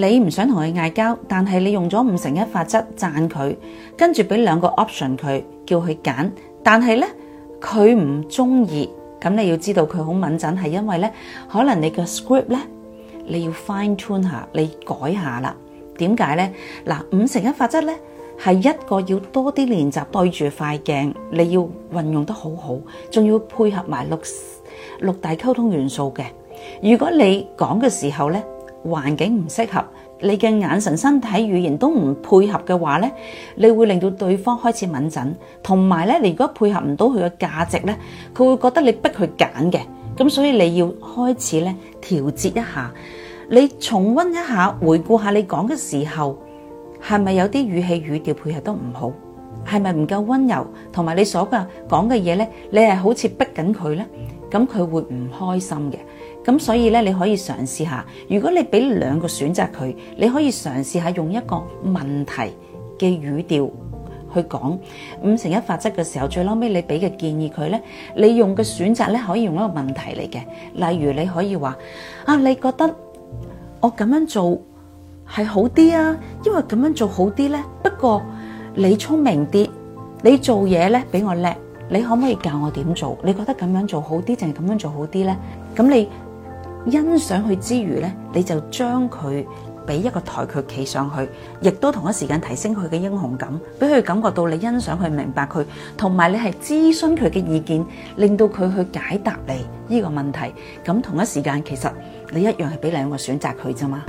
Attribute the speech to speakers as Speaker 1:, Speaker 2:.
Speaker 1: 你唔想同佢嗌交，但係你用咗五成一法則讚佢，跟住俾兩個 option 佢，叫佢揀，但係呢，佢唔中意，咁你要知道佢好敏感，係因為呢，可能你嘅 script 呢，你要 fine tune 下，你改下啦。點解呢？嗱，五成一法則呢，係一個要多啲練習，對住塊鏡，你要運用得好好，仲要配合埋六六大溝通元素嘅。如果你講嘅時候呢。環境唔適合，你嘅眼神、身體、語言都唔配合嘅話呢，你會令到對方開始敏感，同埋呢，你如果你配合唔到佢嘅價值呢，佢會覺得你逼佢揀嘅，咁所以你要開始呢調節一下，你重温一下，回顧下你講嘅時候係咪有啲語氣語調配合都唔好，係咪唔夠溫柔，同埋你所嘅講嘅嘢呢，你係好似逼緊佢呢，咁佢會唔開心嘅。咁所以咧，你可以嘗試下。如果你俾兩個選擇佢，你可以嘗試下用一個問題嘅語調去講五成一法則嘅時候，最嬲尾你俾嘅建議佢咧，你用嘅選擇咧，可以用一個問題嚟嘅。例如你可以話：啊，你覺得我咁樣做係好啲啊？因為咁樣做好啲咧。不過你聰明啲，你做嘢咧比我叻，你可唔可以教我點做？你覺得咁樣做好啲，定係咁樣做好啲咧？咁你欣賞佢之餘呢，你就將佢俾一個台佢企上去，亦都同一時間提升佢嘅英雄感，俾佢感覺到你欣賞佢、明白佢，同埋你係諮詢佢嘅意見，令到佢去解答你呢個問題。咁同一時間，其實你一樣係俾兩個選擇佢啫嘛。